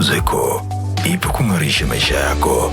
ZECO ipo kung'arisha maisha yako.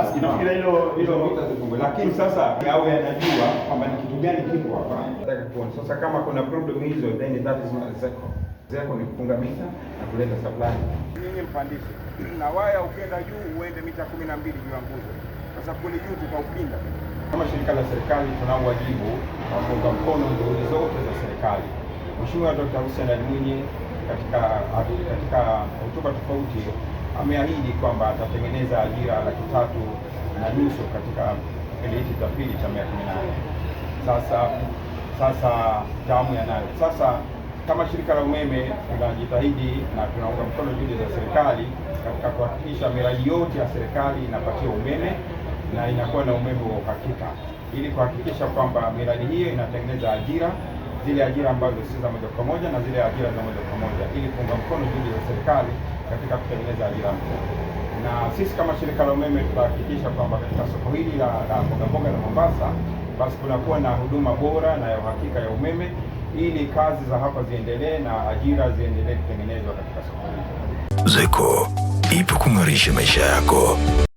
basi inafikira hilo hilo hilo, lakini sasa awe yanajua kwamba ni kitu gani kipo hapa. Nataka kuona sasa kama kuna problem hizo, then that is not zako zako ni kufunga mita na kuleta supply. Nyinyi mpandishe na waya ukenda juu uende mita 12 juu ya nguzo, sasa kule juu tukaupinda. Kama shirika la serikali tunao wajibu wa kuunga mkono juhudi zote za serikali. Mheshimiwa Dr. Hussein Ali Mwinyi katika katika hotuba tofauti ameahidi kwamba atatengeneza ajira laki tatu na nusu katika kipindi hiki cha pili cha miaka minane. Sasa sasa damu yanayo sasa kama shirika la umeme tunajitahidi na tunaunga mkono juhudi za serikali katika kuhakikisha miradi yote ya serikali inapatia umeme na inakuwa na umeme wa uhakika, ili kuhakikisha kwamba miradi hiyo inatengeneza ajira zile ajira ambazo si za moja kwa moja na zile ajira za moja kwa moja ili kuunga mkono juhudi za serikali katika kutengeneza ajira mpya. Na sisi kama shirika la umeme tutahakikisha kwamba katika soko hili la mbogamboga la Mombasa basi kunakuwa na huduma bora na ya uhakika ya umeme ili kazi za hapa ziendelee na ajira ziendelee kutengenezwa katika soko hili. ZECO ipo kung'arisha maisha yako.